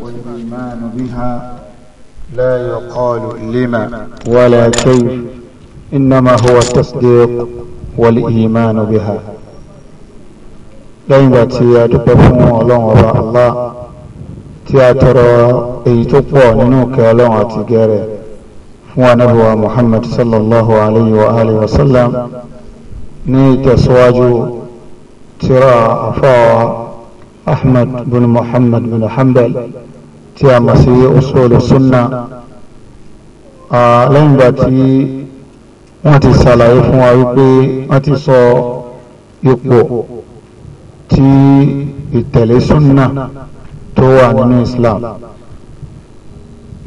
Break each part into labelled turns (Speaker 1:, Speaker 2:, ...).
Speaker 1: والإيمان بها لا يقال لما ولا كيف إنما هو التصديق والإيمان بها lẹ́yìn ìgbà tí a dúpẹ́ fún ọlọ́run ọba allah tí a tọrọ èyí tó pọ̀ nínú ìkẹ́ ọlọ́run àti gẹ́rẹ̀ fún anábíwá muhammad sallallahu alayhi wa alayhi wa sallam ní ìtẹ̀síwájú tíra àfáà ahmed bin muhammad bin hanbal tí a mọ̀ sí usulu sunna lẹ́yìn ìgbà tí wọ́n ti ṣàlàyé fún wa wípé wọ́n ti sọ ipò tí ìtẹ̀lé sunna tó wà nínú islam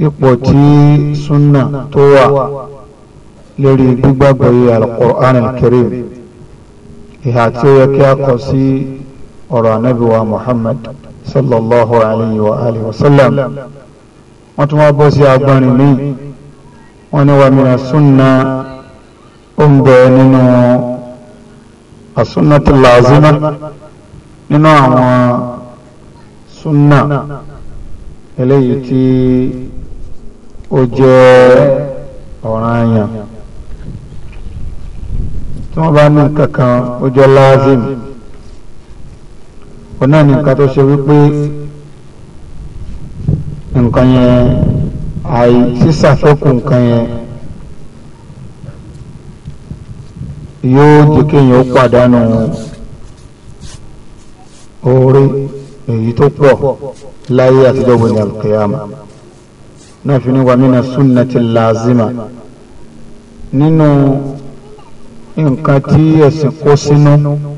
Speaker 1: ipò tí sunna tó wà lórí gbígbàgbọ́ yìí al-Qur'an ìhà tí ó yẹ kí a kọ sí ọ̀rọ̀ anábìwa Muhammad sallallahu alayhi wa alihi wa sallam wọ́n tún wá bọ́ sí agbọ́nrin mi wọ́n ní wa mina sunna ó ń bẹ nínú asúnnàtì làzímà nínú àwọn sunna eléyìí tí ó jẹ́ ọ̀ranyàn tí wọ́n bá ní nǹkan ó jẹ́ lázìmù òun náà ní nǹkan tó ṣe wípé nǹkan yẹn
Speaker 2: àì sísàfẹ́kù nǹkan yẹn
Speaker 1: yóò jẹ́ kéèyàn ó pàdánù oore èyí tó pọ̀ láyé àtijọ́ wọlé alkiyama náà fi ní wa mina sunnati lazima nínú nǹkan tí ẹ̀sìn kó sínú. No, no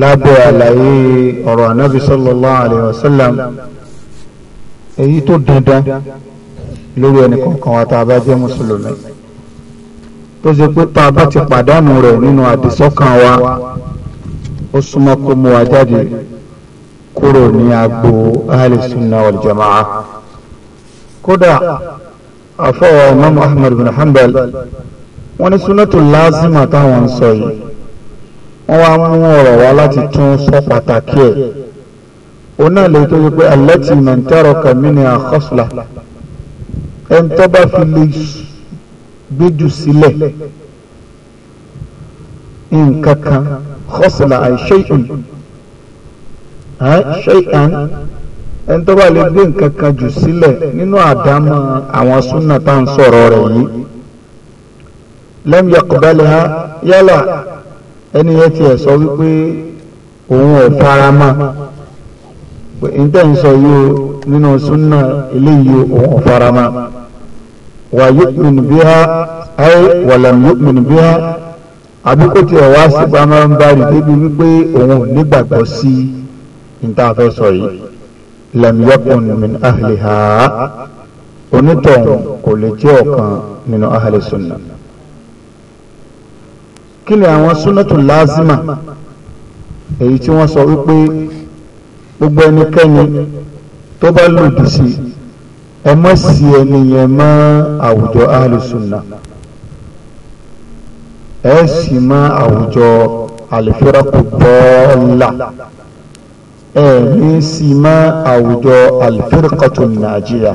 Speaker 1: lábẹ́ àlàyé ọ̀rọ̀ ànábì sallallahu alayhi wa sallam èyí tó dandan lórí ẹnì kọ̀ọ̀kan wa tá a bá jẹ́ mùsùlùmí tó ṣe pé tá a bá ti pàdánù rẹ̀ nínú àdìsọ́kàn wa ó súnmọ́ kó mú wa jáde kúrò ní agbo ahli sunna kódà àfọwọ́ imam ahmed bin hanbal wọ́n ní sunnatul lazima táwọn ń sọ yìí wọ́n wá mú ọ̀rọ̀ wá láti tún sọ pàtàkì ẹ̀ òun náà lè tó yẹ pé alẹ́tì mọ̀ntẹ́rọ̀ kàmínì àkọ́sùlà ẹni tó bá fi lè gbéjù sílẹ̀ nǹkan kan kọ́sùlà àìṣe ìhùn àìṣe ìhàn ẹni tó bá lè gbé nǹkan kan jù sílẹ̀ nínú àdámọ́ àwọn súnà tá à ń sọ̀rọ̀ rẹ̀ yìí lẹ́mìí ọ̀kọ̀bẹ́lẹ̀ ha yálà ẹni yẹn tiẹ̀ sọ wípé òun ò fara mọ́ ntẹ́nsọ yìí o nínú súnà eléyìí òun ò fara mọ́ wà yu'min biha ayé walam yu'min biha àbí kò tiẹ̀ wá sípa máa ń bá rí débi wípé òun ò nígbàgbọ́ sí ntàfẹ́ sọ yìí lam yakun min ahliha onítọ̀hún kò lè jẹ́ ọ̀kan nínú ahli sunna kí ni àwọn súnátù lázima èyí tí wọ́n sọ wípé gbogbo ẹnikẹ́ni tó bá lòdì sí ẹ mọ̀ sí ẹni yẹn mọ́ àwùjọ alùsùnà ẹ sì mọ́ àwùjọ àlìfẹ́rọ́kù bọ́ọ̀lá ẹ ní sì mọ́ àwùjọ àlìfẹ́rọ́kọ̀tù nàìjíríà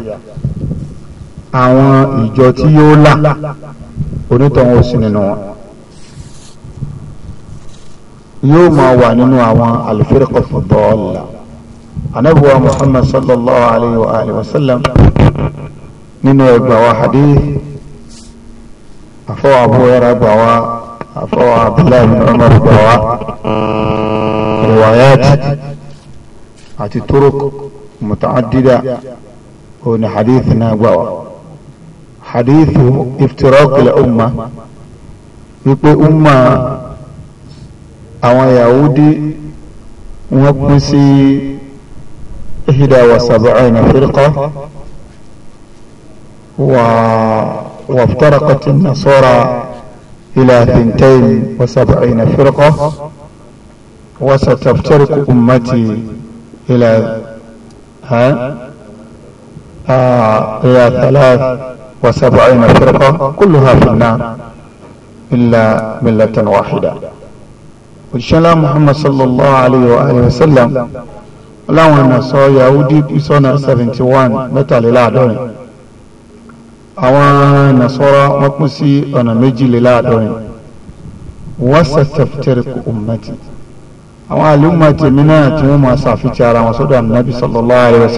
Speaker 1: àwọn ìjọ tí yóò là onítọ̀hún ó sì nínú wọn yóò máa wà nínú àwọn al-firqatu dalla anabuwa muhammad sallallahu alayhi wa alihi wa sallam nínú ẹgbà wa hadith afọwọ abúrẹ́ra gbà wa afọwọ abdullahi bin umar gbà wa riwayat àti turuk mutaaddida òní hadith náà gbà wa hadithu iftiraq umma wípé umma. àwọn yahudi wọ́n pín sí ihda wa sab'ina firqa wa waftaraqat an-nasara ila thintain wa sab'ina firqa wa sataftarqu ummati ila ha ila thalath wa sab'ina firqa kulluha fi an-nar illa millatan òṣìṣẹ́lá muhammad sallallahu alayhi wa sallam láwọn ọ̀nà sọ yahudi sọ́nà seventy one mẹ́tàléláàádọ́rin àwọn nasọ́rọ́ wọ́n pín sí ọ̀nà méjìléláàádọ́rin wọ́n sẹ̀tẹ̀fẹ̀tẹ̀rẹ̀kù ummati àwọn àlùmọ̀ tèmi náà tí wọ́n máa ṣàfihàn ara wọn sọ́dọ̀ ànábì sallallahu alayhi wa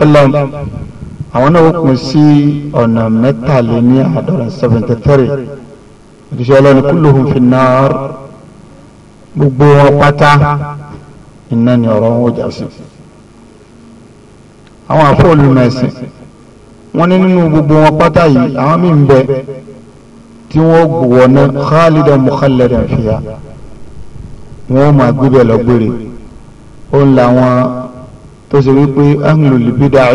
Speaker 1: àwọn náà wọ́n pín sí ọ̀nà mẹ́tàléláàádọ́rin seventy three
Speaker 2: òṣìṣẹ́ ọlọ́ni kulluhum
Speaker 1: fin gbogbo wọn pátá iná ni ọ̀rọ̀ wọn jà sí àwọn àfọlùmẹ̀sìn wọn ní nínú gbogbo wọn pátá yìí àwọn míì ń bẹ tí wọn gbọwọ ná khalidan mukhalladan fiha wọn máa gbébẹ lọ gbére ó ń la wọn tó ṣe wípé ahlul bid'ah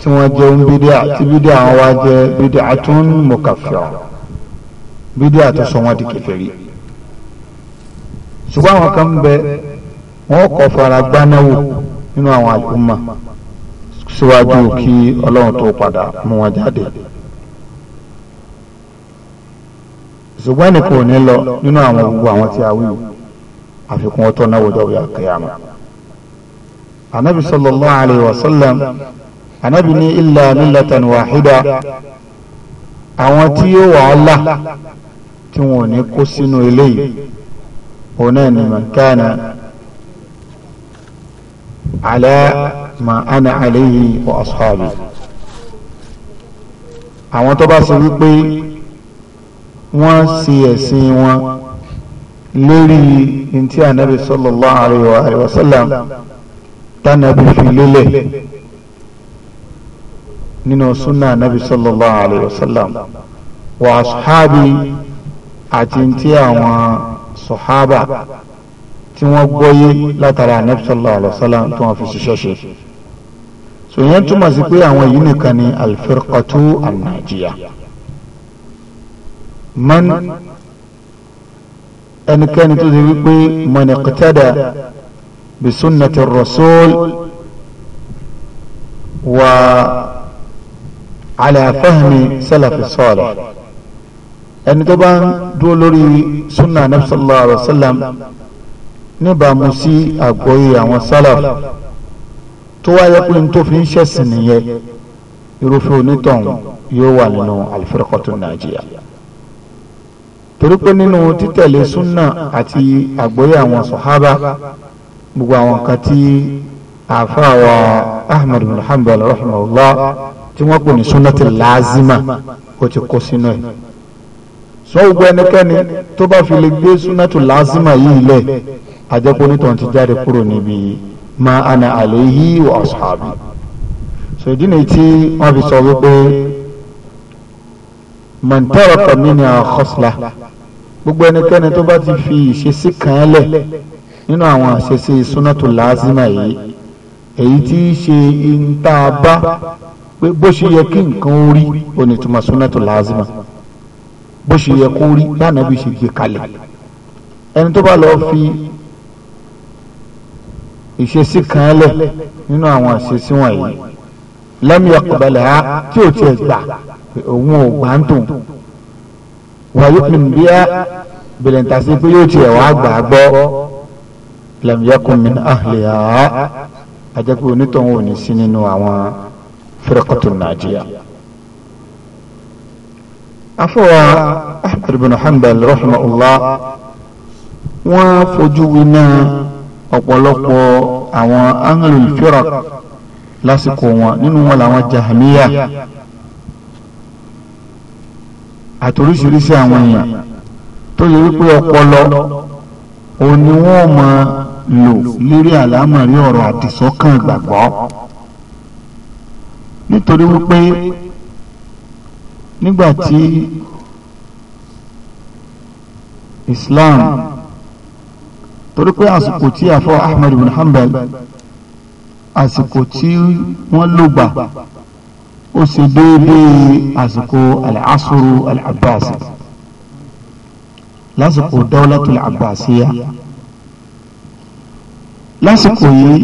Speaker 1: tí wọn jẹ ń bídà tí bídà wọn wá jẹ bid'atun mukaffira bídà tó sọ wọn di kèfèrí. ṣùgbọ́n àwọn kan bẹ wọn kọ fara gbanáwó
Speaker 2: nínú àwọn àlùmọ síwájú kí Ọlọ́run tó padà mú wọn jáde
Speaker 1: ṣùgbọ́n ẹnìkan ò ní lọ nínú àwọn gbogbo àwọn tí a wí àfikún ọtọ náà anabi sallallahu alayhi wa anabi ni illa wahida àwọn tí yóò wà Allah tí wọn ò ní kó òun من كان على ما أنا عليه وأصحابي. alayhi wa ashabi àwọn tó bá ṣe wípé wọ́n ṣe ẹ̀sìn wọn lórí ntí ànábì sallallahu alayhi wa sallam tánàbí fi lélẹ̀ nínú súnà ànábì sallallahu alayhi wa sallam àti ntí àwọn. sọ̀hábà tí wọ́n gbọ́yé látara anabi sallallahu alaihi wasallam tí wọ́n fi ṣiṣẹ́ ṣe sòyẹn túmọ̀ sí pé àwọn yìí nìkan ni alifirikatu anajiya man ẹnikẹ́ni tó ti wí pé mọ̀nìkítẹ́dà bisunnati rasul wa
Speaker 2: ala fahmi salafi salih.
Speaker 1: ẹni tó bá ń dúró lórí sunna anabi sallallahu alayhi wa sallam níbàámu sí àgbọ́yé àwọn sálàf tó wáyé pé n tó fi ń ṣẹ̀sìn nìyẹn irúfẹ́ onítọ̀hún yóò wà nínú al-firqatu najiya torí pé nínú títẹ̀lé súnà àti àgbọ́yé àwọn sọ̀hábà gbogbo àwọn kan tí wa ahmed bin hanbal rahimahullah tí wọ́n pè ní súnà ti láàzima ó ti kó sínú ẹ̀ sọ gbogbo ẹnikẹ́ni tó bá fi lè gbé súnátù lásìmà yìí lẹ̀ àjẹpọ̀ onítàn ti jáde kúrò níbi ma ana àléyí wa ashabi so ìdí ni tí wọ́n fi sọ wípé mọ̀ntẹ́rọ̀ kọ̀mí ni àkọsílá gbogbo ẹnikẹ́ni tó bá ti fi ìṣesí kan lẹ̀ nínú àwọn àṣesí súnátù lásìmà yìí èyí tí í ṣe ìntàbá pé bó ṣe yẹ kí nǹkan orí onítùmọ̀ súnátù lásìmà bó ṣe yẹ kó rí bá nàbí ṣe gbé kalẹ̀ ẹni tó bá lọ fi ìṣesí kan
Speaker 2: lẹ̀ nínú àwọn àṣesí wọ̀nyí
Speaker 1: lẹ́mi ọ̀kọ̀bẹ̀lẹ̀ ha tí ò tiẹ̀ gbà òun ò gbà ń tò wàyí pin bí a bìlẹ̀ntàsí pé yóò tiẹ̀ wá gbà gbọ́ lẹ́mi ọkùnrin àhìlẹ̀ ha ajẹ́pẹ́ onítọ̀hún ò ní sí nínú àwọn fẹ́rẹ́kọ̀tò nàìjíríà afọwọ́ ahmed bin hanbal rahimahullah wọ́n fojú winá ọ̀pọ̀lọpọ̀ àwọn anglul firaq lásìkò wọn nínú wọn làwọn jahamiya àtòríṣiríṣi àwọn èèyàn tó yẹ wípé ọpọlọ òun ni wọ́n máa lò lérí àlámọ̀rí ọ̀rọ̀ àdìsọ́kàn ìgbàgbọ́ nítorí wípé nígbà tí Islam torí pé àsìkò tí àfọ Ahmad ibn Hanbal àsìkò tí wọ́n lò gbà ó sì déédéé àsìkò al-asru al-abbasi lásìkò dawlatul abbasiya lásìkò yìí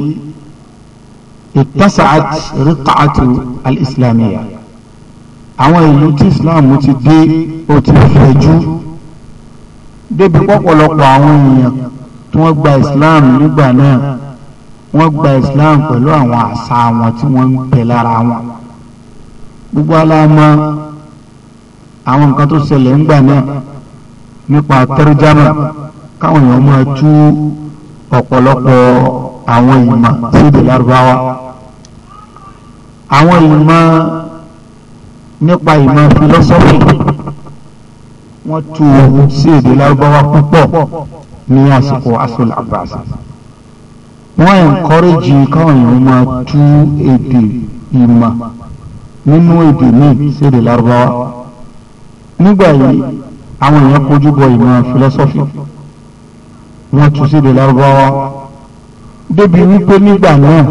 Speaker 1: ittasa'at riq'atu al-islamiyya àwọn ìlú tí Islam ti dé ó ti fẹ̀jú débi pọ̀pọ̀lọpọ̀ àwọn èèyàn tí wọ́n gba Islam nígbà náà wọ́n gba Islam pẹ̀lú àwọn àṣà wọn tí wọ́n ń tẹ̀ lára wọn gbogbo aláàmọ́ àwọn nǹkan tó ṣẹlẹ̀ ńgbà náà nípa tẹ́rẹ́jámà káwọn èèyàn máa tú ọ̀pọ̀lọpọ̀ àwọn ìmọ̀ síde lárúbáwá àwọn ìmọ̀ nípa ìmọ̀ philosophy wọ́n tu sí èdè lárúbáwá púpọ̀ ní àsìkò asul abbas wọ́n encourage káwọn èèyàn máa tú èdè ìmọ̀ nínú èdè míì sí èdè lárúbáwá nígbà yìí àwọn èèyàn kojú bọ ìmọ̀ philosophy wọ́n tu sí èdè lárúbáwá débi wípé nígbà náà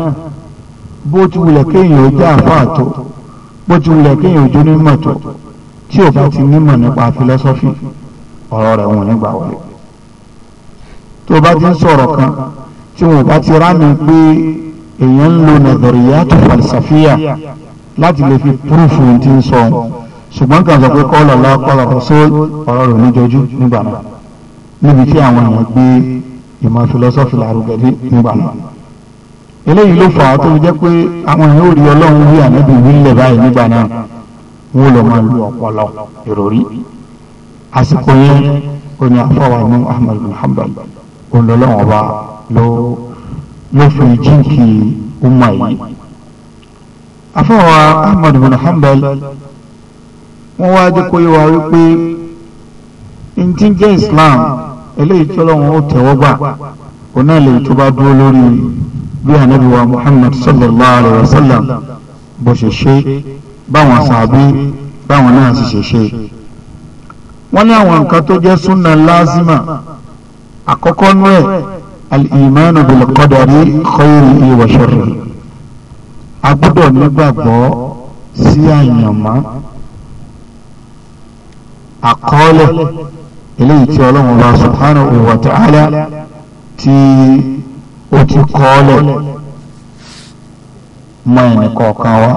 Speaker 1: bó ti wulẹ̀ kéèyàn jẹ́ àfáà tó bó tilẹ̀ kéèyàn ojú ní mọ̀ tó tí ò bá ti nímọ̀ nípa fílọ́sọ́fì ọ̀rọ̀ rẹ̀ wọn nígbà wọlé tó bá ti ń sọ̀rọ̀ kan tí wọn bá ti rámi pé èèyàn ń lo nàdọ̀rìyàtò falsafiya láti lè fi púrúfù tí ń sọ ṣùgbọ́n kan sọ pé kọ́lọ̀ lọ kọ́lọ̀ rọ̀ṣọ́ ọ̀rọ̀ rẹ̀ níjọjú nígbà náà níbi tí àwọn èèyàn gbé ìmọ̀ fílọ́sọ́fì lárugẹ nígbà náà. eléyìí ló fà á tó jẹ́ pé àwọn èèyàn ò rí ọlọ́run wí ànábì wílẹ̀ báyìí nígbà náà wọ́n lọ máa lu ọpọlọ ìròrí àsìkò yẹn oní afọwà bin olólọ́wọ́n ọba ló fi jíǹkì umma yìí afọwà ahmed bin hanbal wá dé kóyè wá wípé ntí jẹ́ islam eléyìí tó lọ́wọ́n ó tẹ̀wọ́ gbà tó bá dúró bí anabi wa muhammad sallallahu alayhi wa sallam bó ṣe ṣe báwọn sàbí báwọn náà sì ṣe ṣe wọ́n ní àwọn nǹkan tó jẹ́ súnà lázima àkọ́kọ́ nú ẹ̀ alìmánu bil qadari khayrihi wa a gbọ́dọ̀ nígbàgbọ́ sí àyànmọ́ àkọọ́lẹ̀ eléyìí tí ọlọ́run wa subhanahu wa ta'ala ti ó ti kọ́ọ́lẹ̀ mọ ẹnìkọ̀ọ̀kan wa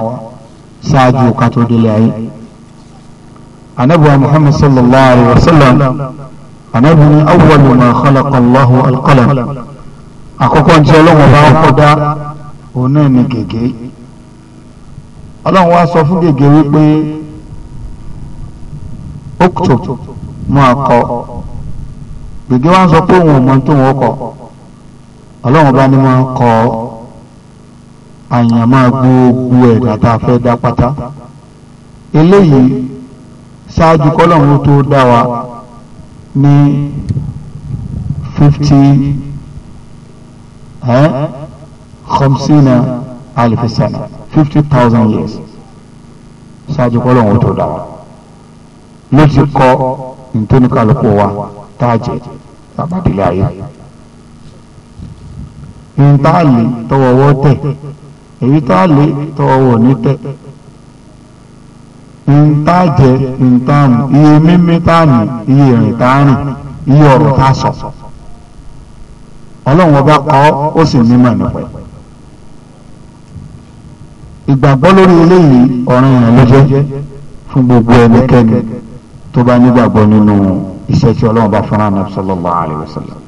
Speaker 1: ṣáájú ká tó délé ayé anabuwa muhammad sallallahu alaihi wa sallam anabu ni awwalu ma khalaqa allahu alqalam àkọ́kọ́ tí ọlọ́run bá kọ́ dá òun náà ni gègé ọlọ́run wá sọ fún gègé wípé ó kùtù mú akọ gègé wá sọ pé òun ò mọ tó òun kọ ọlọ́run bá ní máa ń kọ àyànmọ́ gbogbo ẹ̀dá tá a fẹ́ dá pátá eléyìí ṣáájú kọ́lọ́run tó dá wa ní fifty ẹ́ khamsina alifisana fifty thousand years ṣáájú kọ́lọ́run tó dá wa
Speaker 2: ló ti kọ ntọ́nikàlùkù wa
Speaker 1: tá a jẹ tàbádìlẹ̀ ayé ihun tá a lè tọwọ́wọ́ tẹ̀ èyí tá a lè tọwọ́wọ́ ní tẹ̀ ihun tá a jẹ ihun tá a mú iye mímí tá a mú iye ìrìn tá a rìn iye ọ̀rọ̀ tá a sọ ọlọ́run ọba kọ́ ó sì nímọ̀ nípa ẹ̀ ìgbàgbọ́ lórí eléyìí ọ̀ràn ìrìn ló jẹ́ fún gbogbo ẹnikẹ́ni tó bá nígbàgbọ́ nínú iṣẹ́ tí ọlọ́run bá fún ànábì sallallahu alaihi wasallam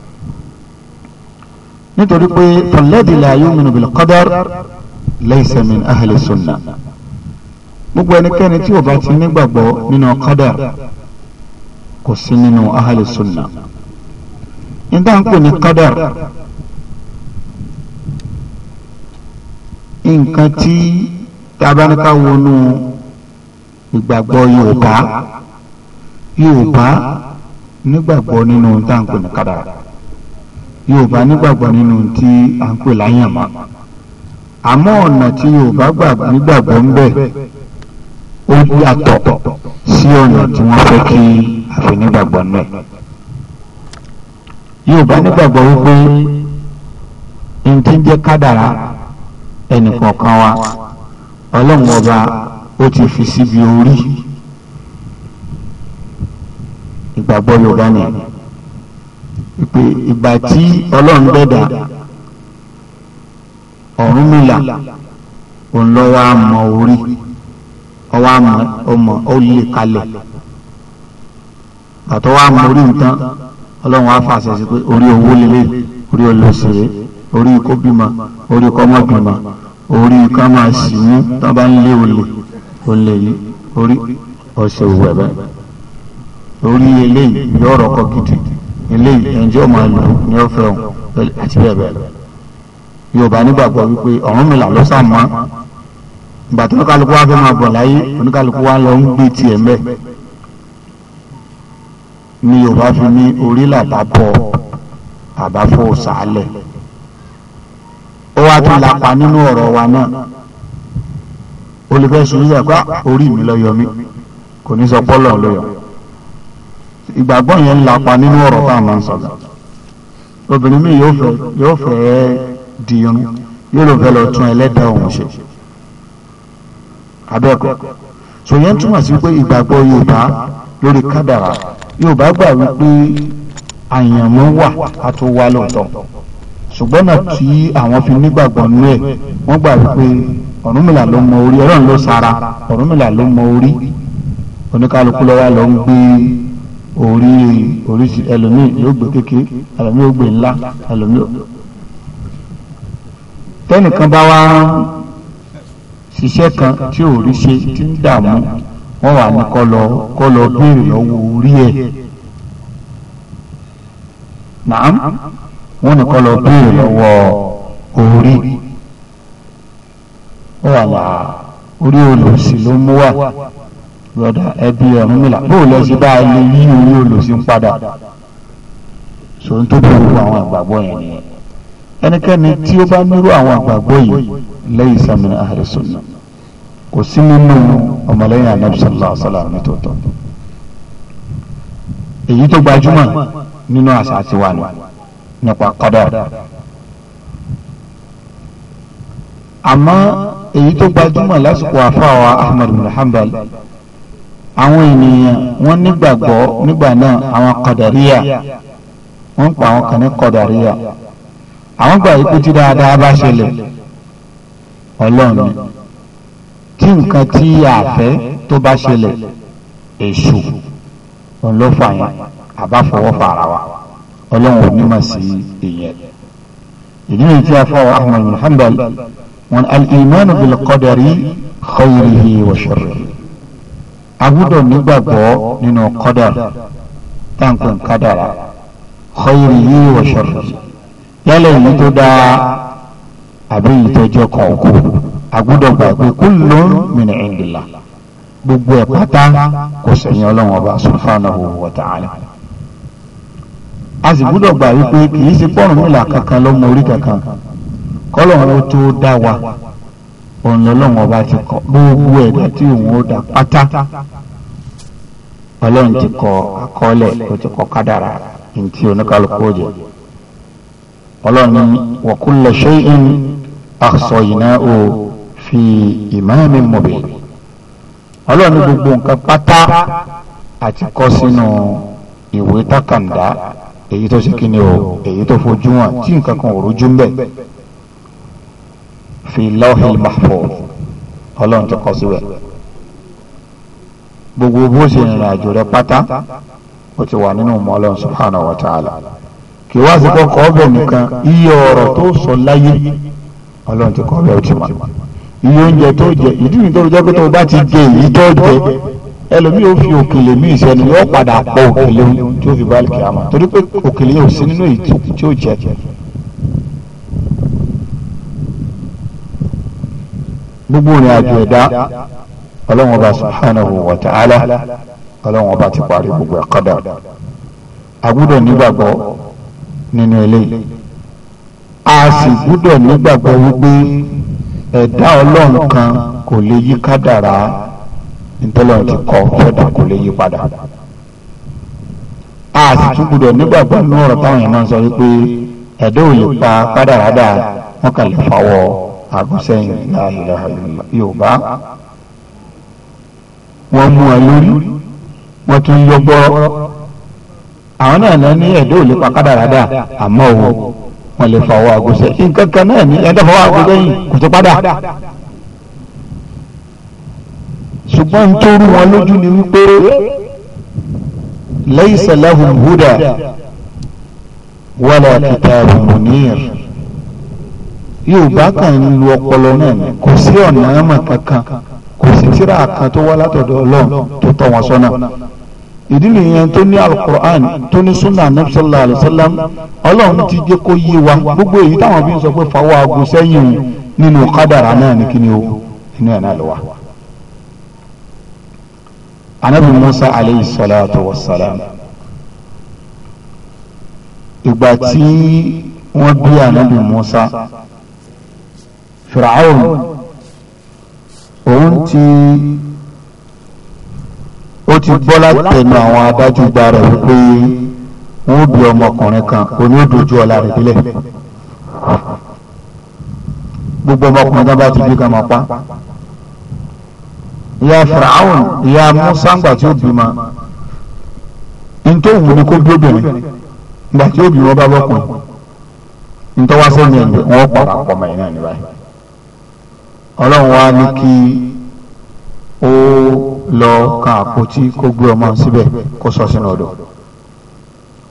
Speaker 1: nítorí pé tọ̀lẹ́dì la yu'minu bil qadar laysa min ahli sunnah gbogbo ẹnikẹ́ni tí ó bá ti nígbàgbọ́ nínú qadar kò sí nínú ahli sunnah nígbà ń pè ní qadar nǹkan tí tabaníkà wọnú ìgbàgbọ́ Yorùbá Yorùbá nígbàgbọ́ nínú táǹkù ní qadar yorùbá nígbàgbọ́ nínú tí à ń pè láyànmọ́ àmọ́ ọ̀nà tí yorùbá nígbàgbọ́ ń bẹ ó yàtọ̀ sí ọ̀nà tí wọ́n fẹ́ kí àfinígbàgbọ́ náà yorùbá nígbàgbọ́ wípé n ti ń jẹ́ kádàrá ẹnìkọ̀ọ̀kan wa ọlọ́run ọba ó ti fi síbi orí ìgbàgbọ́ yorùbá nìyẹn. pé ìgbà tí ọlọ́run dẹ́dà Ọ̀rúnmìlà òun lọ́wọ́ àmọ́ orí ọwọ́ àmọ́ ọmọ ó lè kalẹ̀ bàtọ́ wà mọ orí nǹkan ọlọ́run wá fàṣẹ sí pé orí owó lélẹ̀ orí olóṣèré orí kó bímọ orí kọ́mọ bímọ
Speaker 2: orí ká máa sì ní tó
Speaker 1: bá ń lé olè olè yìí orí ọ̀sẹ̀ òwú ẹ̀ bẹ́ẹ̀ orí eléyìí kọ́ eléyìí ẹnjẹ ọmọ ẹlò ní ọfẹ ọhún àti bẹ́ẹ̀ bẹ́ẹ̀ lọ yorùbá nígbàgbọ́ wípé ọ̀run mi là ló sà mọ ìgbà tó oníkálukú wa fẹ́ máa bọ̀ láyé oníkálukú wa lọ ń gbé tiẹ̀ mbẹ ni yorùbá fi ní orí làbá bọ àbá fò sàálẹ ó wá tún lápá nínú ọ̀rọ̀ wa náà olùfẹ́ yíyà pa orí mi lọ yọ mí kò ní sọ pọ́lọ̀ lọ yọ mí ìgbàgbọ́ yẹn ń lapa nínú ọ̀rọ̀ tá a máa ń sọ̀rọ̀ obìnrin mi yóò fẹ́ yóò fẹ́ di irun yóò lọ fẹ́ lọ tún ẹlẹ́dàá òun ṣe abẹ́ẹ̀kọ́ so yẹn túmọ̀ sí pé ìgbàgbọ́ Yorùbá lórí kádàrà Yorùbá gbà wípé àyànmọ́ wà á tó wá lóòótọ́ ṣùgbọ́n náà tí àwọn fi nígbàgbọ́ nú ẹ̀ wọ́n gbà wípé Ọ̀rúnmìlà ló mọ orí Ọlọ́run ló sara Ọ̀rúnmìlà ló mọ orí oníkálukú lọ́wọ́ ló ń gbé orí oríṣi ẹlòmíì yóò gbé kékeré ẹlòmíì yóò gbé ńlá ẹlòmíì yóò. tẹ́nìkan bá wá ṣiṣẹ́ kan tí ò rí ṣe tí ń dààmú wọ́n wà ní kọ́ lọ kọ́ lọ béèrè lọ́wọ́ orí ẹ̀ nàám wọ́n ní kọ́ béèrè lọ́wọ́ orí wọ́n wà lá orí olùsí ló mú wá brother ẹbí ẹ̀rún mìlá bóò lẹ sí bá a lè yí orí olùsí ń padà sọ ń tó burú àwọn àgbàgbọ́ yẹn nìyẹn ẹnikẹ́ni tí ó bá nírú àwọn àgbàgbọ́ yìí lẹ́yìn sàmìnà àhẹ́sọ̀nà kò sí nínú ọmọlẹ́yìn anabi sallallahu alayhi wa sallam ní tòótọ́ èyí tó gbajúmọ̀ nínú àṣà tiwa ni nípa kọ́dọ̀ àmọ́ èyí tó gbajúmọ̀ lásìkò àfáà wa Ahmad bin àwọn ènìyàn wọ́n nígbàgbọ́ nígbà náà àwọn kọ̀dàríyà wọ́n pa àwọn kan ní kọ̀dàríyà àwọn gbà yìí pé tí dáadáa bá ṣẹlẹ̀ ọlọ́run tí nǹkan tí a fẹ́ tó bá ṣẹlẹ̀ èṣù ọlọ́fà yẹn àbáfọwọ́fà ara wa ọlọ́run ò ní mà sí ìyẹn ìdí nìyí tí a fọ Ahmad bin wọn al-imanu bil qadari khayrihi wa sharrihi. agbọ́dọ̀ nígbàgbọ́ nínú kádàrá táǹkù kádàrá khayrihi wa sharrihi yálẹ̀ èyí tó dáa àbí èyí tó jẹ́ kọ̀ọ̀kọ̀ agbọ́dọ̀ gbàgbé kullun gbogbo ẹ̀ pátá kò sẹ̀yìn ọlọ́run ọba subhanahu wa ta'ala a sì gbọ́dọ̀ gbà wípé kì í ṣe pọ́ọ̀rùn mìlá kankan lọ́mọ orí kankan tó dá wa. òun lọ́lọ́run ọba ti kọ gbogbo ẹ̀dá tí òun ó dà pátá ọlọ́run ti kọ akọ́lẹ̀ ó ti kọ kádàrà ntí oníkálukú òjò ọlọ́run wa kullu shay'in ahsaynahu fi imamin mubin ọlọ́run gbogbo nǹkan pátá àti kọ sínú ìwé takàndá èyí tó ṣe kí ni o èyí tó fojú hàn tí nǹkan kan ò rújú ń bẹ fi lawhil mahfuz ọlọ́run ti kọ síbẹ̀ gbogbo bó ṣe ìrìn àjò rẹ pátá ó ti wà nínú mọ́ ọlọ́run subhanahu wa ta'ala kì wá sí kọ́kọ́ ọbẹ̀ nìkan iye ọ̀rọ̀ tó sọ láyé ọlọ́run ti kọ́ ọbẹ̀ ó ti mọ̀ iye oúnjẹ tó jẹ ìdúnyìn tó jẹ́ pé tó bá ti jẹ èyí tó jẹ ẹlòmíì ó fi òkèlè míì sẹ́nu yóò padà pọ̀ òkèlè tí fi bá kí torí pé òkèlè yóò sí nínú èyí tí ó jẹ gbogbo ìrìn àjò ẹ̀dá ọlọ́run ọba subhanahu wa ta'ala ọlọ́run ọba ti parí gbogbo ẹ̀kọ́dà a gbọ́dọ̀ nígbàgbọ́ nínú eléyìí a sì gbọ́dọ̀ nígbàgbọ́ wípé ẹ̀dá ọlọ́run kan kò lè yí kádàrá ntọ́lọ́run ti kọ fẹ́dà kò lè yí padà a sì tún gbọ́dọ̀ nígbàgbọ́ nínú ọ̀rọ̀ táwọn èèyàn máa ń sọ wípé ẹ̀dá ò lè pa kádàrá dà wọ́n kà lè fọwọ́ ọ àbúsẹ́yìn láàlá yorùbá wọ́n mú ẹ lórí wọ́n tún yọ gbọ́rọ́ àwọn náà náà ní ẹ̀dọ́ òlé pa kádàrádà àmọ́ òwò wọ́n lè fọwọ́ àgùsẹ̀ nǹkan kan náà ní ẹ̀dọ́ fọwọ́ àgùsẹ̀ yìí kò tó padà ṣùgbọ́n tó rú wọn lójú ni wípé laysa lahum huda wala kitabun munir yorùbá kan ń lu ọpọlọ náà ni kò sí ọ̀nà ẹ̀mọ̀ kankan kò sí tírà kan tó wá látọ̀dọ̀ ọlọ́run tó tọ̀ wọ́n sọ́nà ìdílé yẹn tó ní alukur'an tó ní sunna anabi sallallahu alayhi wa sallam ọlọ́run ti jẹ́ kó yé wa gbogbo èyí táwọn bí n sọ pé fàwọn aago sẹ́yìn nínú kádàrà náà ní kíni o inú ẹ̀ náà lọ wa. anabi musa alayhi salatu wa salam ìgbà tí wọ́n bí anabi musa fìràún òun ti ó ti gbọ́ láti tẹnu àwọn adájú gba rẹ̀ wípé wọ́n bí ọmọkùnrin kan oní ọ̀la rẹ̀ délẹ̀ gbogbo ọmọkùnrin ti pa ìyá ìyá musa ńgbà tí ó bímọ ni kó bí obìnrin ńgbà tí ó bímọ bá ni ẹ̀yìn pa ọlọ́run wá ní kí ó lọ ka àpótí kó gbé ọmọ síbẹ̀ kó sọ sínú ọ̀dọ̀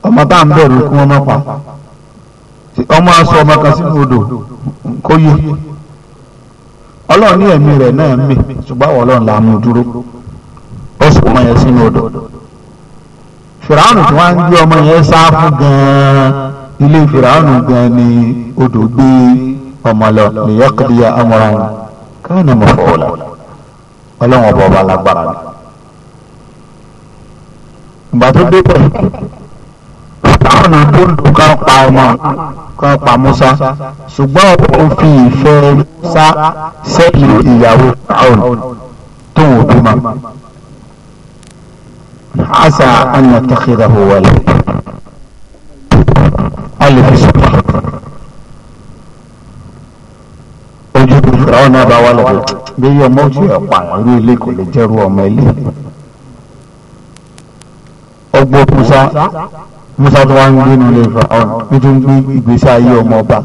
Speaker 1: ọmọ bá ń bẹ̀rù kí wọ́n má pa ọmọ aṣọ ọmọ kan sínú odò kó yé ọlọ́run ní ẹ̀mí rẹ̀ náà mì ṣùgbọ́n àwọn ọlọ́run là ń mú dúró ó sì ọmọ yẹn sínú odò fìràánù tí wọ́n ń gbé ọmọ yẹn sá fún gan-an ilé fìràánù gan-an ni odò gbé ọmọ lọ nìyọ́kadìyà amọ̀ràn. كان مفعولا ولم أبوبا الأكبر باتو دي پر فتحنا كل قاقا ما قاقا موسى سبب في فعل سا سيد إياه فعول تو بما عسى أن نتخذه ولي ألف سبب táwọn náà bá wà lọ́dọ̀ bí iye ọmọ ojú ẹ̀ pa àwọn irú ilé kò lè jẹ́rú ọmọ ilé ọgbọ́ musa musa tó wá ń gbé nínú ilé faraon nítorí gbé ìgbésí ayé ọmọ ọba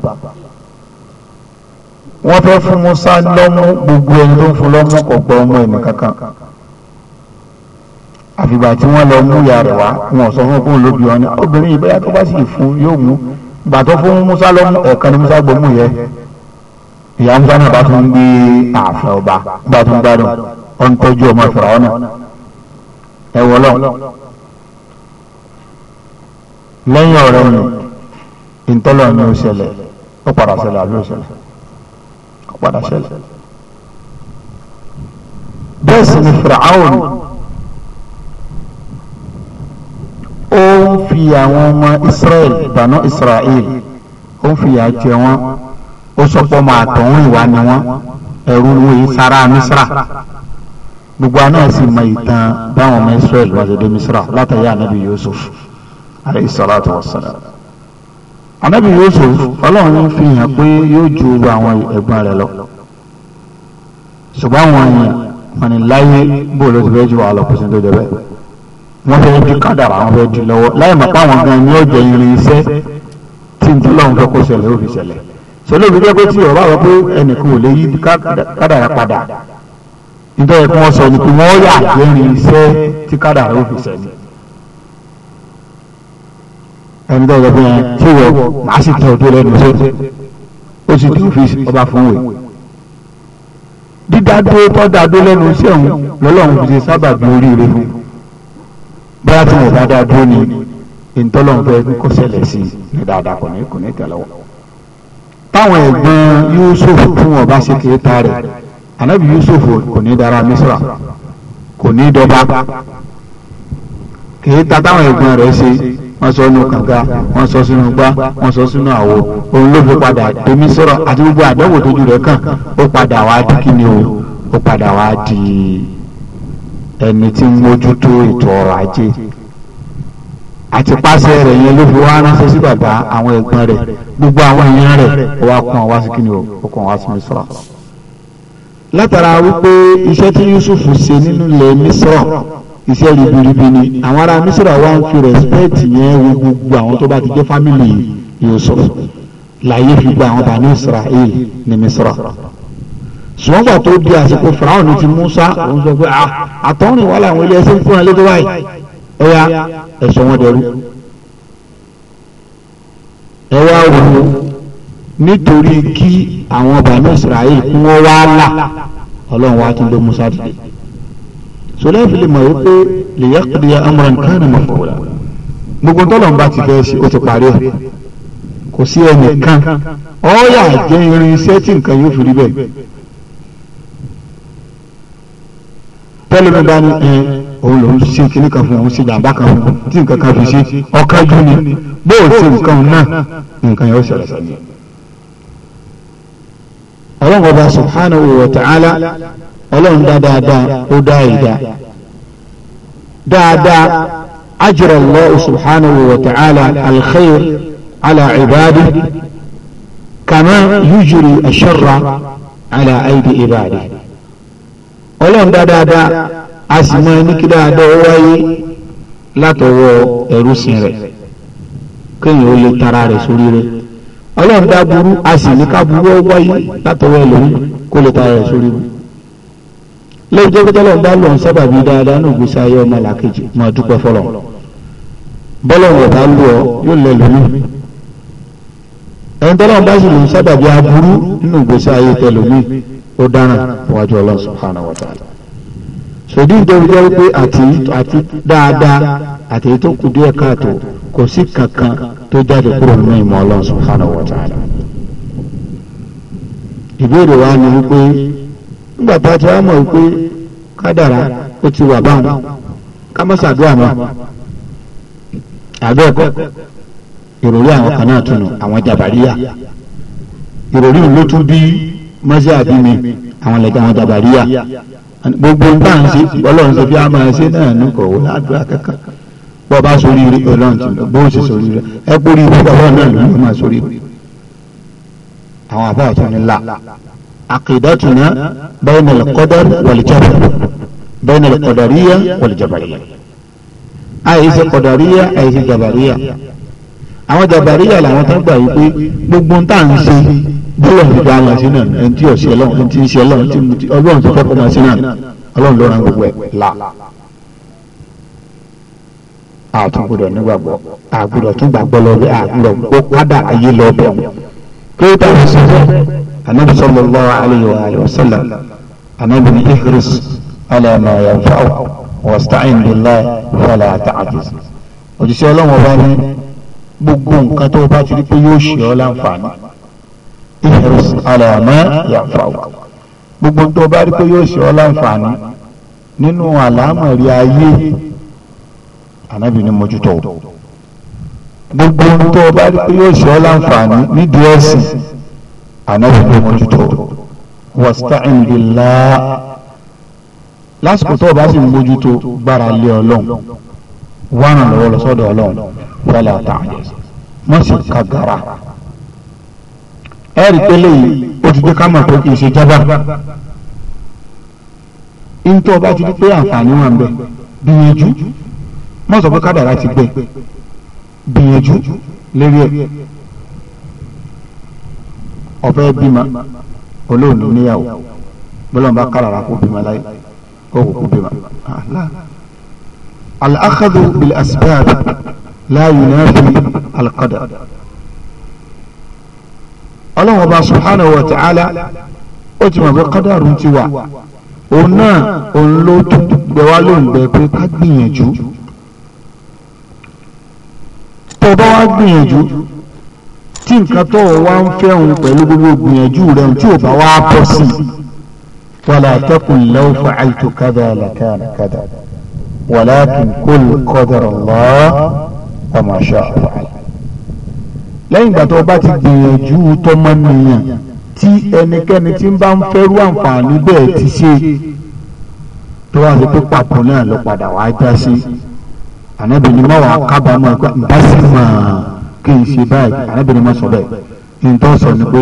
Speaker 1: wọ́n fẹ́ fún musa lọ́mú gbogbo ẹni tó ń fún lọ́mú kò gbọ́ ọmọ ẹni kankan àfìgbà tí wọ́n lọ mú ìyá rẹ̀ wá wọn sọ fún òun lóbi ọ̀nà obìnrin ìbáyà tó bá sì fún yóò mú gbàtọ́ fún musa lọ́mú ẹ̀ẹ̀kan ìyá ń gbọ́nà bá tún gbé ààfẹ́ ọba bá tún gbádùn ó ń tọ́jú ọmọ fìrà ọ̀nà ẹ wọlọ́ lẹ́yìn ọ̀rẹ́ mi ìtọ́lọ̀ ni ó ṣẹlẹ̀ ó padà ṣẹlẹ̀ àbí ó ṣẹlẹ̀ ó padà ṣẹlẹ̀ bẹ́ẹ̀ sì ni fìrà ó ń fi àwọn ọmọ Israel bànú Israel ó ń fi ìyà wọn ó sọ pé ọmọ àtọ̀hún ìwà ni wọ́n ẹ̀rú wo yìí sára mísírà gbogbo àná sì mọ ìtàn báwọn ọmọ israẹli wà dédé mísírà látàrí ànábì yusuf alayhi salatu wa salam ànábì yusuf ọlọ́run fi hàn pé yóò ju àwọn ẹ̀gbọ́n rẹ̀ lọ ṣùgbọ́n àwọn èèyàn wọn ni láyé bóòlù ti fẹ́ ju àlọ́ kò tó jẹ bẹ́ẹ̀ wọ́n fẹ́ di kádàrà wọ́n fẹ́ di lọ́wọ́ láyé mọ̀ àwọn gan ni ó jẹ irin iṣẹ́ tí n tó fẹ́ kó ṣẹlẹ̀ ó fi ṣẹlẹ̀ sọlá olùdíjẹ́ pé tí ọ̀rọ̀ àwọn pé ẹnìkan ò lè yí kádàrá padà nítorí kí wọ́n sọ ni pé wọ́n yà lẹ́rìn iṣẹ́ tí kádàrá ò fi sẹ́ni. ẹni tó yẹ fún yẹn ṣé wọ màá sì tẹ̀ ọdún lẹ́nu iṣẹ́ ó sì di òfin ọba fún wẹ̀. dídádó tó dádó lẹ́nu iṣẹ́ òun lọ́lọ́run fi ṣe sábà bí oríire fún bóyá tí mo bá dá ni ìtọ́lọ́run fẹ́ kó ṣẹlẹ̀ sí i ní dáadáa kò ní kò ní tẹ̀lé wọn táwọn ẹ̀gbọ́n Yusuf fún ọba ṣe kì í ta rẹ̀ anabi Yusuf kò ní dara Misra kò ní dọba kì í ta táwọn ẹ̀gbọ́n rẹ̀ ṣe wọ́n sọ inú kànga wọ́n sọ sínú gbá wọ́n sọ sínú àwo òun ló fi padà domi sọ̀rọ̀ àti gbogbo àdánwò tójú rẹ̀ kàn ó padà wá di kíni o ó padà wá di ẹni tí ń mójútó ètò ọrọ̀ ajé àti pàṣẹ rẹ̀ yẹn ló fi wá ránṣẹ́ sí bàbá àwọn ẹ̀gbọ́n rẹ̀ gbogbo àwọn èèyàn rẹ̀ ó wá kún àwọn sí kíni ó kún àwọn sí misra. látara wípé iṣẹ́ tí Yusuf ṣe nínú ilẹ̀ misra iṣẹ́ ribiribi ni àwọn ará misra wá ń fi rẹ̀spẹ̀tì yẹn wo gbogbo àwọn tó bá ti jẹ́ fámìlì Yusuf láyé fi gba àwọn bani Israel ní misra ṣùgbọ́n gbà tó di àsìkò Fáráò ti Musa òun sọ pé ah, àtọ́rìn wà láwọn ilé ẹsẹ̀ ń fún ẹ lọ́dọ̀ báyìí ẹ̀yà ẹ̀sọ́ wọn dẹrú ẹ wá wò ó nítorí kí àwọn bàánú Israel kún wọn wá là ọlọ́run wá tún ló Musa dìde sọlá ìfìlẹ̀ mọ̀ wípé lèyàkùdìyà amúran kánà mọ̀ fọwọ́lá gbogbo tọ́lọ̀ ń bá ti fẹ́ ṣe ó ti parí ẹ̀ kò sí ẹnìkan ọ̀ọ́yà jẹ́ irinṣẹ́ tí nǹkan yóò fi rí bẹ́ẹ̀ tẹ́lẹ̀ mi bá òun lòún ṣe kíní kan fún òun ṣe jàǹbá kan fún tí nǹkan kan fi ṣe ọkàn jù ni bó o ṣe nǹkan náà nǹkan yẹn ó ṣẹlẹ̀ sẹ́yìn. ọlọ́run ọba subhanahu wa ta'ala
Speaker 2: ọlọ́run dá dáadáa ó dá ìdá
Speaker 1: dáadáa ajra Allah subhanahu wa ta'ala alkhair ala ibadihi kama yujri asharra ala aidi ibadihi ọlọ́run dá dáadáa a sì mọ ẹni kí dáadáa wáyé látọwọ́ ẹrú sin rẹ̀ kéèyàn ó lè tara rẹ̀ sórí rẹ̀ ọlọ́run dá burú a sì ní ká burú wáyé látọwọ́ ẹlòmí kó lè tara rẹ̀ sórí rẹ̀ lẹ́yìn tó kọ́tọ́ lọ́n bá lọ́n sábàbí dáadáa náà gbèsè ayé ọmọ làkejì mọ́ dúpẹ́ fọlọ́ bọ́lọ̀ rẹ̀ bá lù yóò lẹ lómi ẹni tó bá sì lọ́n sábàbí aburú nínú gbèsè ayé tẹlómi ó dáràn wájú ọlọ́run subhanahu wa ta'ala. òdì ìdẹ́wọ́jẹ́ wípé àti àti dáadáa àti èyí tó kù díẹ̀ kò sí kankan tó jáde kúrò nínú ìmọ̀ ọlọ́run subhanahu wa ìbéèrè wa ni wípé nígbà tá a ti wá mọ̀ wípé kádàrá ó ti wà báwọn ká má àbẹ́ ẹ̀kọ́ ìròrí àwọn kan tunu àwọn ìròrí tún bí mọ́sí àbí mi gbogbo nta ń ṣe ọlọ́run ṣe bí a máa ṣe náà ní kò wọ́n àdúrà kankan
Speaker 2: bó o bá sórí rẹ ọlọ́run ti
Speaker 1: lọ bó o sórí rẹ ẹ kórìí ibú ọlọ́run náà ló máa sórí rẹ àwọn àbá ọ̀tún ni la aqidatuna bayna al-qadar wal-jabar bayna al-qadariyya wal-jabariyya àyèsè qadariyya àyèsè jabariyya àwọn jabariyya làwọn tó gbà yìí pé gbogbo nta bọ́lọ̀ ń gba àwọn àṣìnà ẹni tí ọ̀ṣẹ́ ọlọ́run ẹni tí ń ṣe ọlọ́run tí mutí ọlọ́run tó fẹ́ kọ́ máa ṣìnà ọlọ́run ló ran gbogbo ẹ̀ la. àtúgbọ̀dọ̀ nígbàgbọ́ àgbọ̀dọ̀ tún gbàgbọ́ lọ bí àgbọ̀dọ̀ kó kádà ayé lọ bẹ̀ wọ́n. kéèta ló sọ fẹ́ anabi sallallahu alayhi wa sallam anabi ni ihris ala ma yanfa'u wasta'in billahi fala ta'jiz òjíṣẹ́ ọlọ́run ọba ní gbogbo nǹkan tó bá ti rí pé yóò ṣe ọ láǹfààní ihrus ala ma yanfa'u gbogbo tó bá rí pé yóò ṣe ọ́ láǹfààní nínú àlámọ̀rí ayé ànábì ní mójútó gbogbo tó bá rí pé yóò ṣe ọ́ láǹfààní nídìí ẹ̀sìn ànábì ní mójútó wasta'in billah lásìkò tó o bá sì ń mójútó gbára lé ọlọ́run wá ràn lọ́wọ́ lọ ọlọ́run fẹ́lẹ́ àtàwọn mọ̀ sí kagara ẹ̀rí pélé yìí ó ti jẹ́ ká mọ̀ pé kì í ṣe jábà ntọ́ ọba ti di pé àǹfààní wà ń bẹ gbìyànjú má sọ pé kádàrá ti gbẹ gbìyànjú lérí ẹ̀ ọ̀fẹ́ bímọ olóòní níyàwó bọ́lá ń bá kádàrá kó bímọ láyé ó kó bímọ. al-akhadhu bil-asbab la yunafi al-qadar ọlọ́run ọba subhanahu wa ta'ala ó ti mọ̀ pé kádàrú ti wà òun náà òun ló tún gbẹ wá ló ń gbẹ pé ká gbìyànjú tó bá wá gbìyànjú tí nǹkan tó wá ń fẹ́ òun pẹ̀lú gbogbo gbìyànjú rẹ̀ tí ò bá wá bọ́ sí
Speaker 2: i wàlá tẹ́kùn law
Speaker 1: fa'altu kádà làkàna kádà wàlá kìí kul qadar Allah wa ma sha lẹ́yìn ìgbà tó o bá ti gbìyànjú tọmọnìyàn tí ẹnikẹ́ni tí ń bá ń fẹ́rú àǹfààní bẹ́ẹ̀ ti ṣe tó wá sí pé papọ̀ náà ló padà wá já sí ànábìnrin má wàá kábàámọ̀ ẹ̀kọ́ ìbásímọ̀ kí n ṣe báyìí ànábìnrin má sọ bẹ́ẹ̀ nǹkan sọ ni pé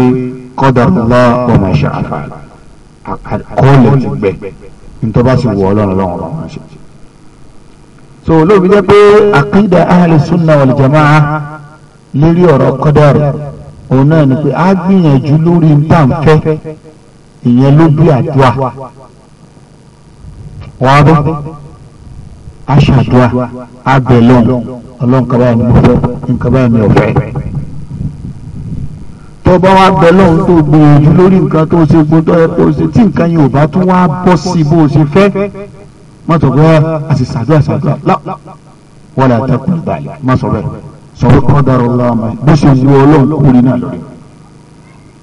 Speaker 1: qadarullah wa ma sha'a fa'al àkọọ́lẹ̀ ti gbẹ nǹkan bá sì wọ ọlọ́run lọ́wọ́ lọ́wọ́ ṣe. so olóògbé jẹ́ pé aqida ahli sunna wal jama'a
Speaker 2: lórí ọ̀rọ̀ kọ́dàrú òun náà ni pé a gbìyànjú lórí nta ń fẹ́ ìyẹn ló bí àdúrà wàá bọ́ a ṣàdúrà a bẹ̀ lọ́hùn
Speaker 1: ọlọ́run kaba ẹni mo fẹ́ nǹkan báyìí mi ò fẹ́ tó bá wá bẹ̀ lọ́hùn tó gbìyànjú lórí nǹkan tó ṣe gbọ́dọ̀ ẹ kó ṣe tí nǹkan yẹn ò bá tún wá bọ́ sí bó ṣe fẹ́ mọ́tò bẹ́ẹ̀ àti ṣàdúrà ṣàdúrà wọ́n lè àtẹkùn ìgbàlè má sọ bẹ́ẹ̀ sọ̀rọ̀ kan dára ọ̀la àmà bó ṣe wú ọlọ́run kúrin náà lórí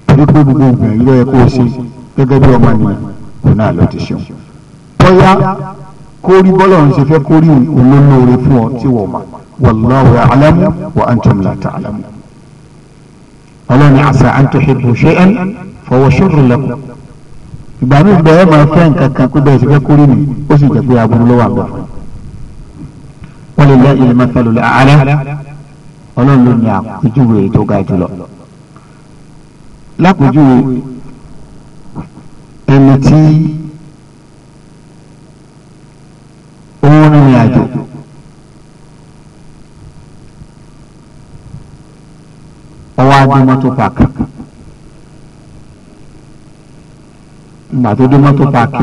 Speaker 1: torí pé gbogbo ìgbà ìlú ẹ kó o ṣe gẹ́gẹ́ bí ọmọ ènìyàn kò náà ló ti ṣeun. bóyá kórí bọ́lá ń ṣe fẹ́ kórí olólóore fún ọ tí wọ́n mọ̀ wallahu ya'lamu wa antum la ta'lamu. ọlọ́run àṣà an tuhibbu shay'an fahuwa sharrun lakum. ìgbà mi gbẹ ẹ máa fẹ́ nǹkan kan pé bẹ́ẹ̀ ṣe fẹ́ kórí mi ó sì jẹ́ pé aburú ló wà bẹ́ẹ̀ fún wa lillahi al-mathalu al ọlọ́run ló ní àpèjúwe tó ga jùlọ lápèjúwe
Speaker 2: ẹni tí ó ń rìnrìn àjò
Speaker 1: ọwọ́ adé mọ́tò park ìgbà tó dé mọ́tò park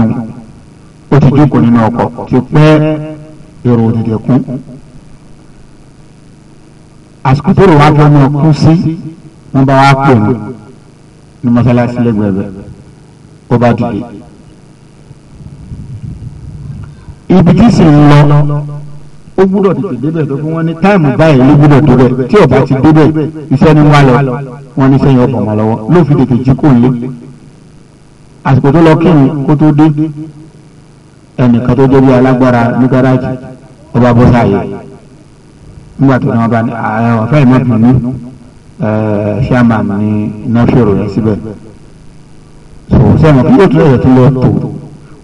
Speaker 1: ó ti jókòó nínú ọkọ̀ tí pẹ́ èrò òdìdẹ̀kún àsìkò
Speaker 2: tó rò wá jọ náà kú sí wọn bá wá pè mí
Speaker 1: ní mọ́sálásí lẹ́gbẹ̀ẹ́ ó bá dìde. ibi tí sì ń lọ ó gbúdọ̀ tètè débẹ̀ tó fún wọn ní táìmù báyìí ló gbúdọ̀ débẹ̀ tí ọba ti débẹ̀ iṣẹ́ ni wá lọ wọn ní sẹ́yìn ọ̀bọ̀n wọn lọ́wọ́ ló fi tètè jí kò lé àsìkò tó lọ kírun kó tó dé ẹnìkan tó jẹ́ bí alágbára ní gáràjì ọba bọ́sáyé nígbà tó ní wọn bá ní àwọn fẹ́ẹ̀ má bínú ṣáàmán ní iná ṣòro yẹn síbẹ̀ so sẹ́wọ̀n kí yóò tún ẹ̀yẹ̀ tó lọ tó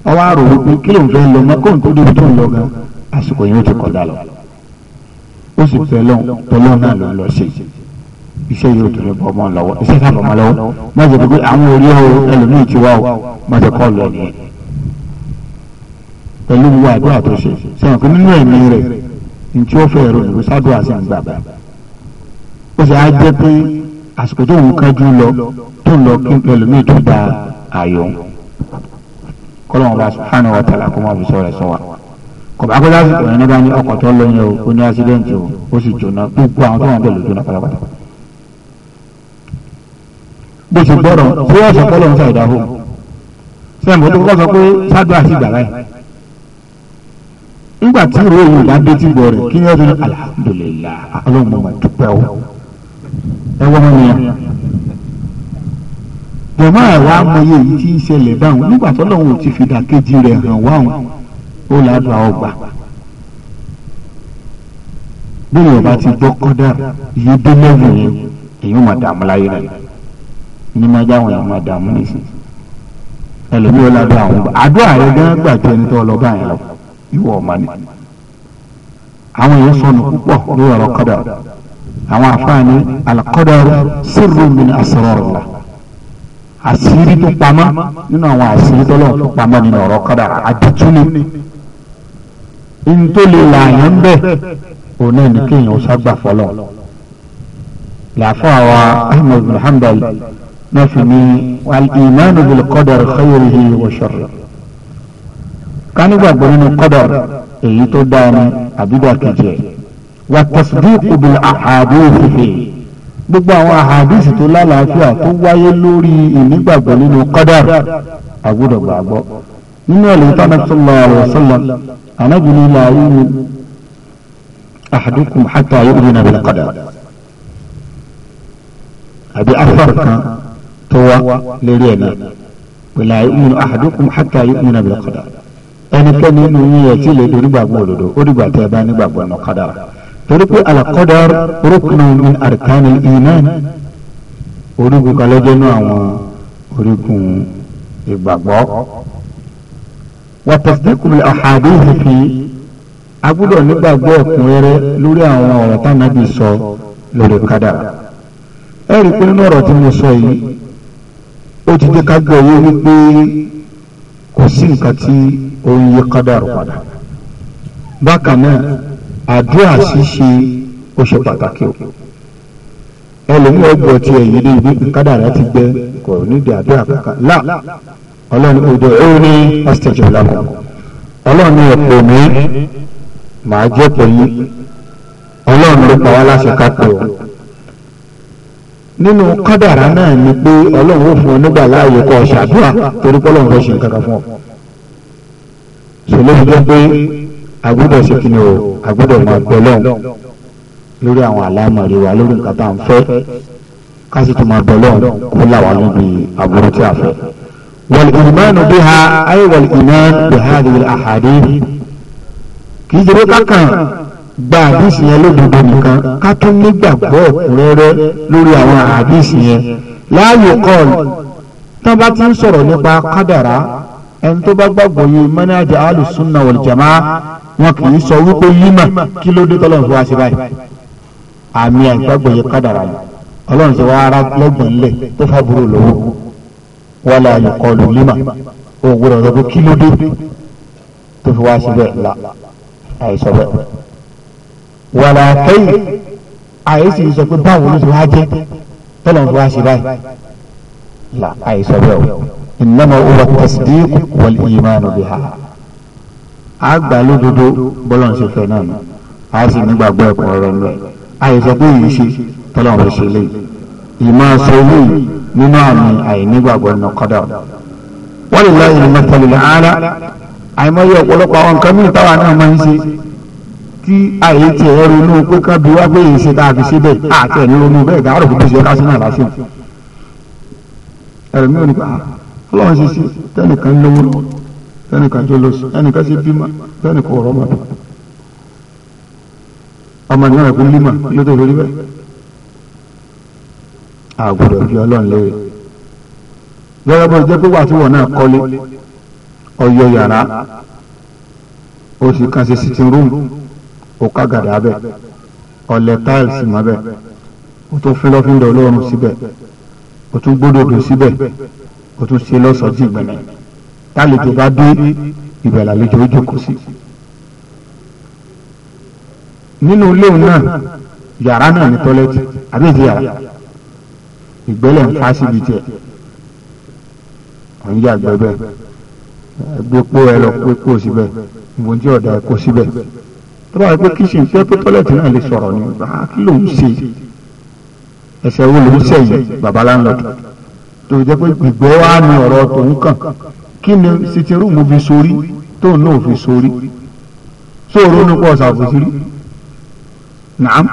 Speaker 1: ọ wá rò wípé kí ló ń fẹ́ lọ mọ́kàn tó débi tó ń lọ gan àsìkò yẹn ó ti kọjá lọ ó sì fẹ́ lọ́n tọ́lọ́ náà ló ń lọ sí iṣẹ́ yóò tún lè bọ́ ọmọ lọ́wọ́ iṣẹ́ náà bọ́ ọmọ lọ́wọ́ má jẹ́ pé àwọn orí ọ ẹlòmíì ti wá o má jẹ́ kọ́ lọ nìyẹn pẹ̀lú wíwá àdúrà tó ṣe sẹ́wọ̀n kí nínú ẹ̀mí rẹ̀ ntí ó fẹ́ rẹ̀ ló sádùn àti àgbàgbà ó sì á jẹ́ pé àsìkò tó ń kájú lọ tó ń lọ kí n pẹ̀lú mi tó da ààyò kọ́lọ́mọba subhanahu wa ta'ala kó má fi sọ̀rọ̀ sọ wa kọ̀bá kó lásìkò yẹn nígbà ní ọkọ̀ tó lóyún o ó ní ásídẹ́ǹtì o ó sì jóná gbogbo àwọn tó wọn bẹ̀ ló jóná pátápátá bó ṣe gbọ́dọ̀ tí wọ́n sọ kọ́lọ́ ń fa ìdáhùn sẹ́yìn bó tó kọ́ sọ pé sádùn àti ìgbà báyìí nígbà tí ìró yìí bá dé tí bọ̀ rẹ̀ kí ni ó dún alhamdulilayi ọlọ́run mọ̀ dúpẹ́ o ẹ wọ́n mọ̀ yẹn. jọ̀mọ́ ẹ̀ wá mọyé èyí tí ń ṣẹlẹ̀ báwọn nígbà tó lọ́wọ́ ti fi dàkejì rẹ̀ hàn wáhùn ó do àwọn gbà. bí yorùbá ti gbọ́ kọ́dà yìí dé lẹ́wọ̀n yẹn èyí ó máa dààmú láyé rẹ̀ ní máa jáwọn èèyàn máa dààmú nìsín ẹlòmíràn ládùn àwọn gbà àdúrà rẹ̀ gán gbàjọ ẹni tó lọ báyìí lọ ìwọ ọ̀ma ni àwọn èèyàn sọnù púpọ̀ lórí ọ̀rọ̀ kọ́dà
Speaker 2: àwọn afáàní alakọ́dàrú sírù min
Speaker 1: asrarullah àṣírí tó pamọ́ nínú àwọn àṣírí tó lọ́wọ́ tó pamọ́ nínú ọ̀rọ̀ kọ́dà àdìtúni ntòlè làyàn bẹ́ẹ̀ òun náà ní kéèyàn ó ságbà fọlọ́ làáfọ̀ àwa ahmed muhammed náà fi ní al-imanu bil qadar khayrihi wa sharrihi ká nígbàgbọ́ nínú kọ́dà èyí tó dáa ni àbídà kejì ẹ̀ wà tasdiqu bil ahadith gbogbo àwọn àhàdísì tó lálàáfíà tó wáyé lórí ìnígbàgbọ́ nínú kọ́dà àgbọ̀dọ̀ gbàgbọ́ nínú ẹ̀lẹ́ tánà sallallahu alaihi wasallam anábìnrin ilà ayélu ahadukum hatta yu'mina bil qadar àbí afar kan tó wá lérí ẹ̀ náà pẹ̀lú ayélu ahadukum hatta yu'mina bil qadar ẹnikẹ́ni nínú yín ẹ̀ tí lè donígbàgbọ́ òdodo ó dìgbà tẹ́ ẹ bá nígbàgbọ́ ẹ̀nà kádàrà torí pé alakọ́dàr rúkùnà min àrìkánì ìmán orígun kan lọ́jọ́ náà àwọn orígun ìgbàgbọ́. wàtàsídẹ́kùn àhàdé ìhìfì agbọ́dọ̀ nígbàgbọ́ ẹ̀kúnrẹ́rẹ́ lórí àwọn ọ̀rọ̀ tánàbí sọ lórí kádàrà ẹ pé nínú ọ̀rọ̀ tí mo sọ yìí ó ti dé ká gbọ́ wípé sí nǹkan tí ó ń yí kádàrú padà bákan náà àdúrà ṣíṣe ó ṣe pàtàkì o ẹlòmíràn gbọ́ ti ẹ̀yìn ní ibi kádàrá ti gbẹ kò nídìí àdúrà kankan là ọlọ́run ọdọ ó ní ọ́sítẹ̀jì ọ̀làkùn ọlọ́run ẹ̀pọ̀ mi màá jẹ́ pẹ̀lú ọlọ́run ló pa wá láṣẹ ká pè ọ́ nínú kádàrá náà ni pé ọlọ́run ó fún ọ nígbà láàyè kọ ṣàdúrà torí pé ọlọ́run fẹ́ ṣe nǹkan kan fún ọ. sọlẹ́ fi jẹ́ pé àgbọ́dọ̀ ṣe kí ni o àgbọ́dọ̀ mọ bẹ́lọ́n lórí àwọn àlámọ̀rí wa lórí nǹkan tá à ń fẹ́ ká sì tún mọ bẹ́lọ́n kó là níbi àbúrò tí a fẹ́. wal-iman biha ay wal-iman bi hadhihi al-ahadith
Speaker 2: kì í ṣe gba àdìsí yẹn lódodo nìkan ká tún nígbàgbọ́ ọ̀kúnrẹ́rẹ́ lórí àwọn àdìsí yẹn láàyò kọ́ọ̀lù
Speaker 1: tó bá ti ń sọ̀rọ̀ nípa kádàrá ẹni tó bá gbàgbọ́ yé mẹ́nájà alùsùnà wọ̀lìjàmá wọn kì í sọ wípé yímà kí ló dé tọ́lọ̀ fún wa sí báyìí àmì àgbàgbọ́ yé kádàrá ni ọlọ́run ti wá ara lọ́gbọ̀n lẹ̀ tó fàbúrò lọ́wọ́ wọn láàyò kọ́ọ̀lù yímà òwúrọ̀ rẹ̀ kí ló dé tó fi wá síbẹ̀ la àìsọ bẹ́ẹ̀
Speaker 2: wàlà kẹ́yì
Speaker 1: àyèsí sọ pé báwo ló ti wá jẹ́ tọ́lọ̀ ń fi wá ṣe báyìí là àyèsọ bẹ́ẹ̀ o innama huwa tasdiq wal iman biha àgbà lódodo bọ́lọ̀ ń ṣe fẹ́ náà ni a sì nígbàgbọ́ ẹ̀kọ́ ọ̀rọ̀ ńlẹ̀ àyèsọ pé èyí ṣe tọ́lọ̀ ń fi ṣe léyìí ìmọ̀ ṣe léyìí nínú àmì àìnígbàgbọ́ nínú kọ́dà wọ́n lè lọ ìrìnàmọ́tẹ́lẹ̀ ààrẹ tí àyè tí ẹ pé wá pé èyí ṣe tá a fi ṣe bẹ́ẹ̀ àti ẹni ronú bẹ́ẹ̀ gàárò kò tó ṣe ká sí náà lásìkò mi ò ní ah, ṣe tẹnìkan lówó tẹnìkan tó lọ sí ẹnìkan ṣe bímọ tẹnìkan ọmọ ní bí oka ká gàdá ọlẹ tiles mọ́ o tún fún lọ́fíńdọ̀ olóòórùn síbẹ̀ ó tún tún ṣe lọ́sọ̀ọ́jì gbẹ̀mẹ̀ tálejò bá dé ibẹ̀ làlejò ó sí. nínú ilé náà yàrá náà ní tọ́lẹ́tì àbẹ́ẹ̀dì yàrá ìgbẹ́lẹ̀ ń fa síbi tiẹ̀ ọ̀n yà gbẹ́bẹ́ gbẹ́pọ̀ ẹ lọ gbẹ́pọ̀ síbẹ̀ ọ̀dà ẹ kó síbẹ̀. tó bá yẹ pé kíṣìn fẹ́ pé tọ́lẹ̀tì náà lè sọ̀rọ̀ ni kí ló ń ṣe ẹ̀ṣẹ̀ wo ló ń sẹ̀yìn bàbá tó jẹ́ pé gbígbẹ́ wá ní ọ̀rọ̀ tòun kàn kí ni sitin rúùmù fi sórí tóun náà fi sórí sóòrò nípa ọ̀sàfòsírí nàám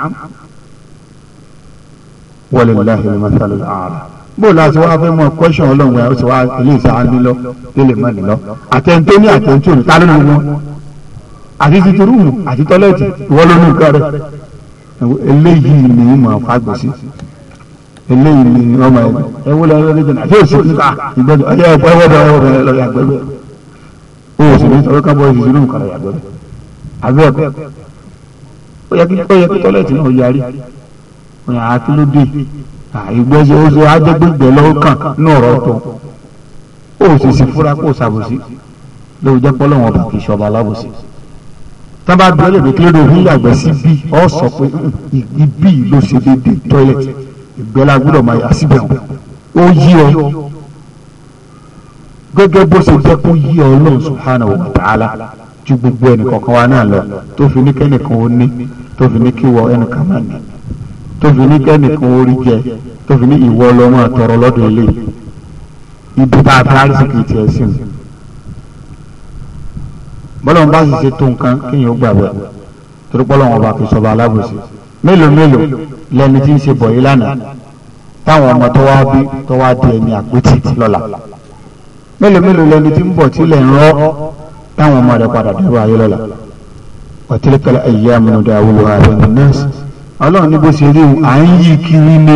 Speaker 1: walillahi al-masalul a'la bó láti wá fẹ́ mọ kọ́ṣọ̀n ọlọ́run ẹ̀ ó sì wá ilé ìsáà nílọ ilé mọ́ nílọ àtẹ̀ntóní àtẹ̀ntóní tá ló ń wọ́n àti títí rúùmù àti tọ́lẹ́ẹ̀tì wọ́n ló eléyìí ni mo fagbọ sí eléyìí ni ọmọ ẹ ẹ wọlé ọyọ lẹjọ náà àti òsì níta ìgbẹjọ ọyọ ẹgbẹ ẹwọdọ ẹwọdọ lọyọ àgbẹbẹ o òsì ní sọ̀rọ̀ kábọ ìṣiṣẹ nínú kàrọ àgbẹbẹ àbẹ ẹkọ ó yẹ kí ó yẹ kí tọ́lẹ̀tì náà yarí ọyọ àkílódé àìgbẹsẹ oṣù ajẹgbẹgbẹ lọ́kàn náà rọ tọ tán bá dúró lèmi kílódé òun yàgbẹ́ sí bí ọ sọ pé mm, mm, mm, ibi ló ṣe dédé tọ́lẹ̀tì ìgbẹ́ la gbọ́dọ̀ máa yà síbẹ̀ o ó yí ọ gẹ́gẹ́ bó ṣe jẹ́ kó yí ọ lọ́run subhanahu wa ta'ala ju gbogbo ẹnìkọ̀ọ̀kan wa náà lọ tó fi ní kẹ́nìkan ó ní tó fi ní kí wọ ẹnìkan máa ní tó fi ní kẹ́nìkan ó rí jẹ tó fi ní ìwọ ọlọ́mọ àtọ̀rọ̀ lọ́dọ̀ ilé ibi tá a fi àrísìkì tiẹ̀ sí mi bọ́lọ́n bá sì ṣe tó nǹkan kéèyàn ó gbàgbẹ́ torí pọ́lọ́n ọba kì í sọba alábòsí mélòó mélòó lẹni tí ń ṣe bọ̀ yìí lánàá táwọn ọmọ tó wá bí tó wá di ẹni àpótí lọ́la mélòó mélòó lẹni tí ń bọ̀ tí lẹ̀ ń rọ́ táwọn ọmọ rẹ̀ padà dẹ́rọ ayé lọ́la ọ̀tílẹ̀kẹ́lẹ́ ẹ̀yẹ amúnudà awúlò ààrẹ nọ́ọ̀sì ọlọ́run ní bó ṣe rí à ń yí kiri ní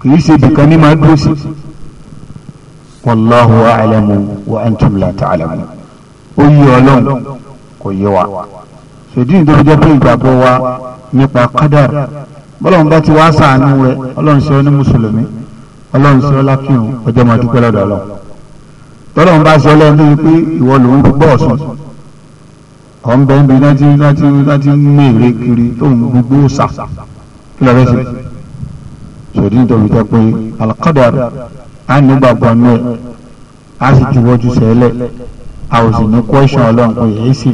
Speaker 1: kì í ṣe ibìkan ní máa dúró sí. wallahu a'lamu wa antum la ta'lamun. oyi yé kò yé wa ṣèdí ní pé ìgbàgbọ́ wa nípa kádàr bọ́lọ́run bá ti wá sàánú rẹ ọlọ́run ṣe ọ ní mùsùlùmí ọlọ́run ṣe ọ lákìrún ọjọ́ máa dúpẹ́ lọ́dọ̀ ọlọ́run tọ́lọ́run bá ṣe ọlọ́run tó pé ìwọ lòun fi bọ́ ọ̀sán
Speaker 2: a ò sì ní kọ́ṣán ọlọ́run pé
Speaker 1: èyí sì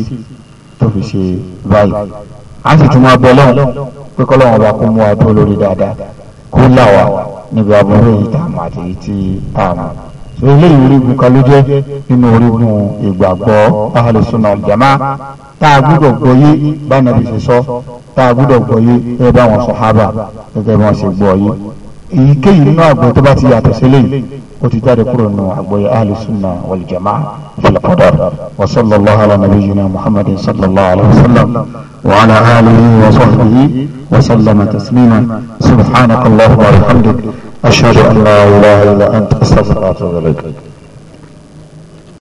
Speaker 1: tó fi ṣe báyìí
Speaker 2: a sì tún máa bẹ lọ́hùn pé kọ́lọ́run ọba kó
Speaker 1: mú wa dúró lórí dáadáa kó là wá níbi aburú èyí àti èyí tí a mọ̀ so eléyìí orígun kan ló jẹ́ nínú orígun ìgbàgbọ́ ahalùsùnà jama
Speaker 2: tá a gbúdọ̀ gbọ́ yé báyìí bí ṣe sọ
Speaker 1: tá a gbúdọ̀ gbọ́ yé ẹ bá wọn sọ hábà gẹ́gẹ́ bí wọ́n ṣe gbọ́ yé
Speaker 2: èyíkéyìí nínú àgbọ̀ tó bá ti yàtọ̀ sílẹ̀ yìí وتجاري كرن
Speaker 1: وحبوي أهل السنة والجماعة في القدر وصلى الله على نبينا محمد صلى الله عليه وسلم وعلى آله وصحبه وسلم
Speaker 2: تسليما سبحانك الله وبحمدك أشهد أن لا إله إلا أنت أستغفرك واتوب إليك